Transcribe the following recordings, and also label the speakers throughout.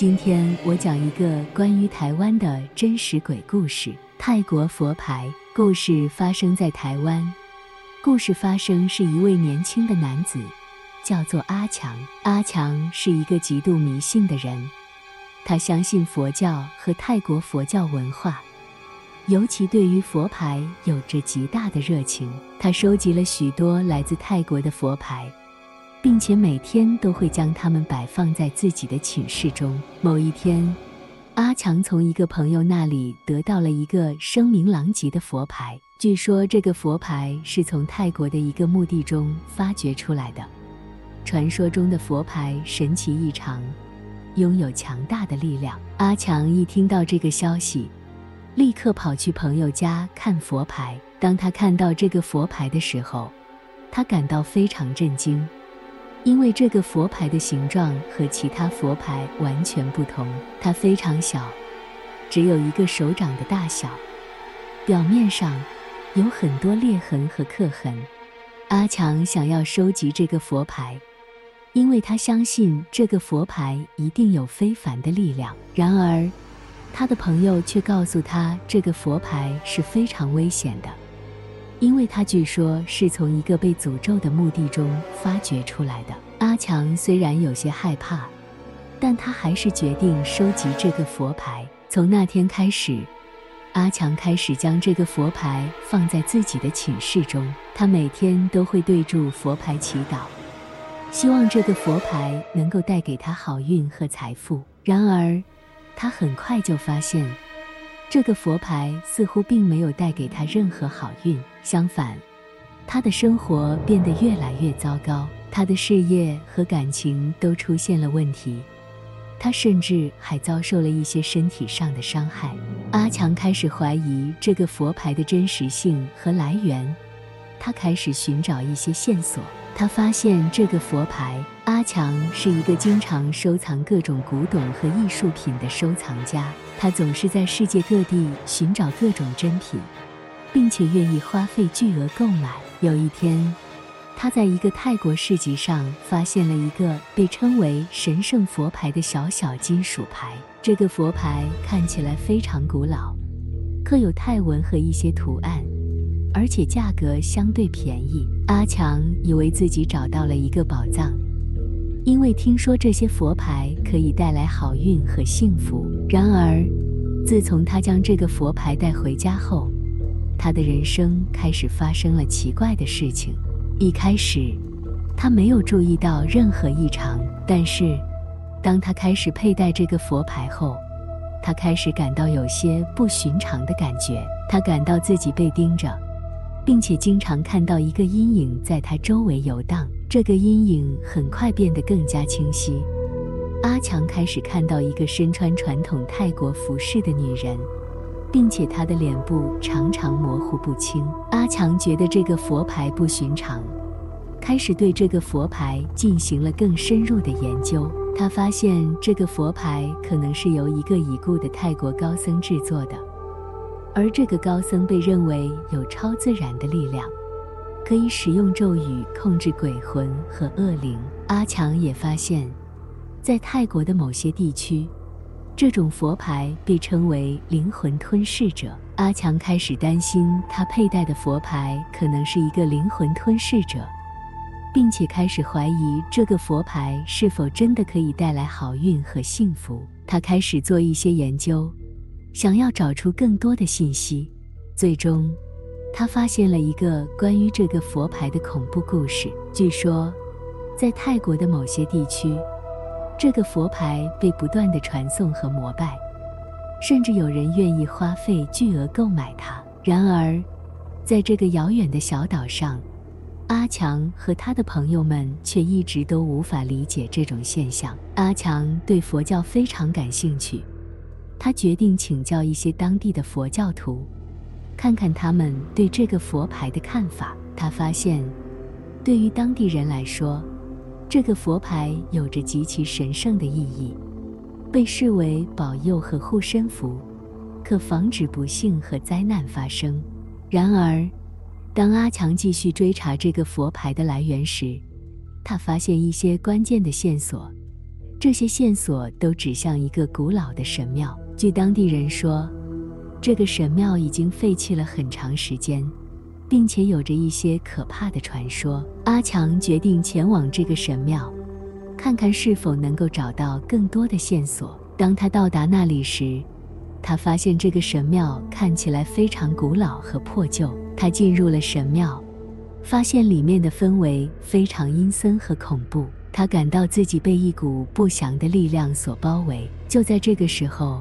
Speaker 1: 今天我講一個關於台灣的真實鬼故事。泰國佛牌，故事發生在台灣。故事發生是一位年輕的男子，叫做阿強。阿強是一個極度迷信的人，他相信佛教和泰國佛教文化，尤其對於佛牌有着極大的熱情。他收集了許多來自泰國的佛牌。並且每天都會將它們擺放在自己的寢室中。某一天，阿強從一個朋友那裡得到了一個聲名狼藉的佛牌。據說這個佛牌是從泰國的一個墓地中發掘出來的。傳說中的佛牌神奇異常，擁有強大的力量。阿強一聽到這個消息，立刻跑去朋友家看佛牌。當他看到這個佛牌的時候，他感到非常震驚。因為這個佛牌的形狀和其他佛牌完全不同，它非常小，只有一個手掌的大小，表面上有很多裂痕和刻痕。阿強想要收集這個佛牌，因為他相信這個佛牌一定有非凡的力量。然而，他的朋友卻告訴他，這個佛牌是非常危險的。因為他據說是從一個被詛咒的墓地中發掘出來的。阿強雖然有些害怕，但他還是決定收集這個佛牌。從那天開始，阿強開始將這個佛牌放在自己的寢室中。他每天都會對著佛牌祈禱，希望這個佛牌能夠帶給他好運和財富。然而，他很快就發現，這個佛牌似乎並沒有帶給他任何好運。相反，他的生活變得越來越糟糕，他的事業和感情都出現了問題，他甚至還遭受了一些身體上的傷害。阿強開始懷疑這個佛牌的真實性和來源，他開始尋找一些線索。他發現這個佛牌，阿強是一個經常收藏各種古董和藝術品的收藏家，他總是在世界各地尋找各種珍品。並且願意花費巨額購買。有一天，他在一個泰國市集上發現了一個被稱為“神聖佛牌”的小小金屬牌。這個佛牌看起來非常古老，刻有泰文和一些圖案，而且價格相對便宜。阿強以為自己找到了一個寶藏，因為聽說這些佛牌可以帶來好運和幸福。然而，自從他將這個佛牌帶回家後，他的人生開始發生了奇怪的事情。一開始，他沒有注意到任何異常，但是當他開始佩戴這個佛牌後，他開始感到有些不尋常的感覺。他感到自己被盯着，並且經常看到一個陰影在他周圍遊蕩。這個陰影很快變得更加清晰。阿強開始看到一個身穿傳統泰國服飾的女人。並且他的臉部常常模糊不清。阿強覺得這個佛牌不尋常，開始對這個佛牌進行了更深入的研究。他發現這個佛牌可能是由一個已故的泰國高僧制作的，而這個高僧被認為有超自然的力量，可以使用咒語控制鬼魂和惡靈。阿強也發現，在泰國的某些地區，這種佛牌被稱為“靈魂吞噬者”。阿強開始擔心，他佩戴的佛牌可能是一個靈魂吞噬者，並且開始懷疑這個佛牌是否真的可以帶來好運和幸福。他開始做一些研究，想要找出更多的信息。最終，他發現了一個關於這個佛牌的恐怖故事。據說，在泰國的某些地區，這個佛牌被不斷地傳頌和膜拜，甚至有人願意花費巨額購買它。然而，在這個遙遠的小島上，阿強和他的朋友們卻一直都無法理解這種現象。阿強對佛教非常感興趣，他決定請教一些當地的佛教徒，看看他們對這個佛牌的看法。他發現，對於當地人來說，這個佛牌有着極其神聖的意義，被視為保佑和護身符，可防止不幸和災難發生。然而，當阿強繼續追查這個佛牌的來源時，他發現一些關鍵的線索，這些線索都指向一個古老的神廟。據當地人說，這個神廟已經廢棄了很長時間。並且有着一些可怕的傳說。阿強決定前往這個神廟，看看是否能夠找到更多的線索。當他到達那裡時，他發現這個神廟看起來非常古老和破舊。他進入了神廟，發現裡面的氛圍非常陰森和恐怖。他感到自己被一股不祥的力量所包圍。就在這個時候，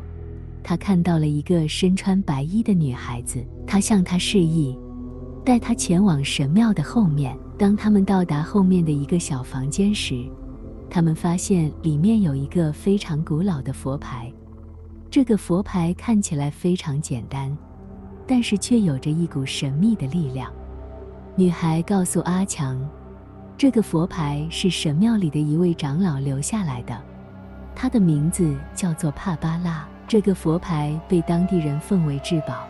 Speaker 1: 他看到了一個身穿白衣的女孩子，他向她向他示意。帶他前往神廟的後面。當他們到達後面的一個小房間時，他們發現裡面有一個非常古老的佛牌。這個佛牌看起來非常簡單，但是卻有着一股神秘的力量。女孩告訴阿強，這個佛牌是神廟裡的一位長老留下來的，他的名字叫做帕巴拉。這個佛牌被當地人奉為至寶。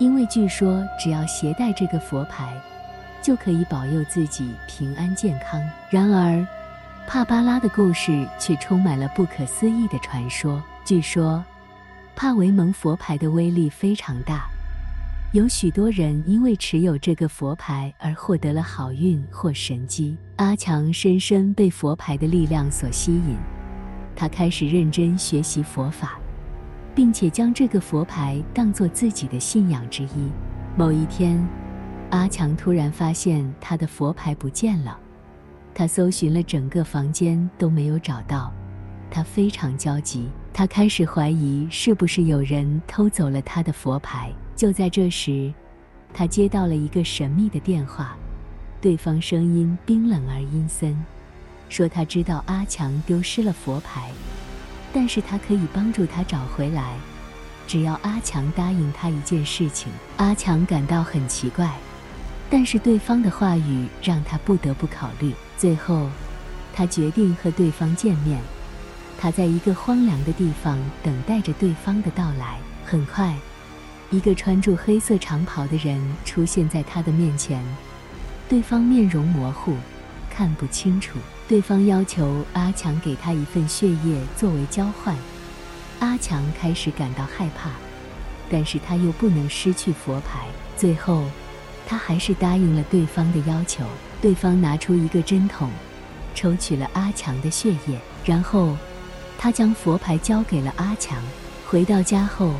Speaker 1: 因為據說只要攜帶這個佛牌，就可以保佑自己平安健康。然而，帕巴拉的故事卻充滿了不可思議的傳說。據說，帕維蒙佛牌的威力非常大，有許多人因為持有這個佛牌而獲得了好運或神蹟。阿強深深被佛牌的力量所吸引，他開始認真學習佛法。並且將這個佛牌當作自己的信仰之一。某一天，阿強突然發現他的佛牌不見了，他搜尋了整個房間都沒有找到，他非常焦急，他開始懷疑是不是有人偷走了他的佛牌。就在這時，他接到了一個神秘的電話，對方聲音冰冷而陰森，說他知道阿強丟失了佛牌。但是他可以幫助他找回來，只要阿強答應他一件事情。阿強感到很奇怪，但是對方的話語讓他不得不考慮。最後，他決定和對方見面。他在一個荒涼的地方等待着對方的到來。很快，一個穿着黑色長袍的人出現在他的面前。對方面容模糊，看不清楚。對方要求阿強給他一份血液作為交換，阿強開始感到害怕，但是他又不能失去佛牌，最後他還是答應了對方的要求。對方拿出一個針筒，抽取了阿強的血液，然後他將佛牌交給了阿強。回到家後，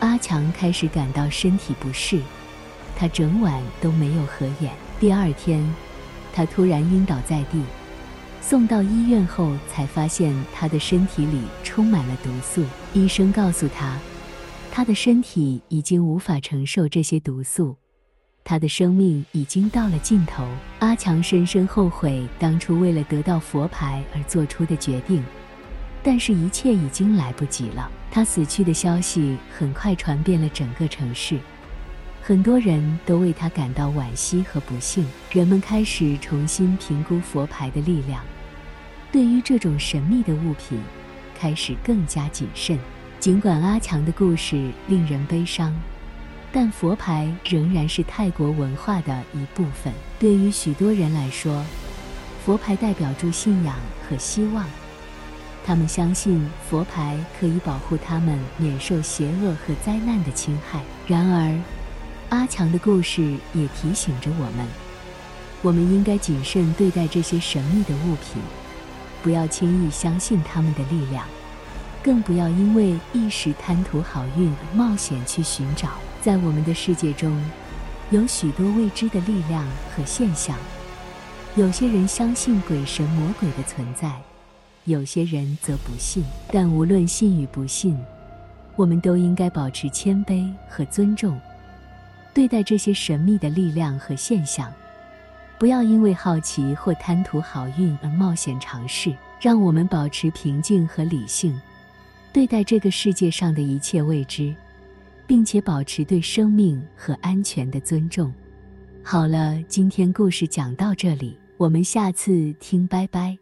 Speaker 1: 阿強開始感到身體不適，他整晚都沒有合眼。第二天，他突然暈倒在地。送到醫院後才發現他的身體裡充滿了毒素。醫生告訴他，他的身體已經無法承受這些毒素，他的生命已經到了盡頭。阿強深深後悔當初為了得到佛牌而做出的決定，但是一切已經來不及了。他死去的消息很快傳遍了整個城市。很多人都為他感到惋惜和不幸。人們開始重新評估佛牌的力量，對於這種神秘的物品，開始更加謹慎。儘管阿強的故事令人悲傷，但佛牌仍然是泰國文化的一部分。對於許多人來說，佛牌代表着信仰和希望。他們相信佛牌可以保護他們免受邪惡和災難的侵害。然而，阿強的故事也提醒着我們，我們應該謹慎對待這些神秘的物品，不要輕易相信他們的力量，更不要因為一時貪圖好運冒險去尋找。在我們的世界中，有許多未知的力量和現象。有些人相信鬼神魔鬼的存在，有些人則不信。但無論信與不信，我們都應該保持謙卑和尊重。對待這些神秘的力量和現象，不要因為好奇或貪圖好運而冒險嘗試。讓我們保持平靜和理性，對待這個世界上的一切未知，並且保持對生命和安全的尊重。好了，今天故事講到這裡，我們下次聽，拜拜。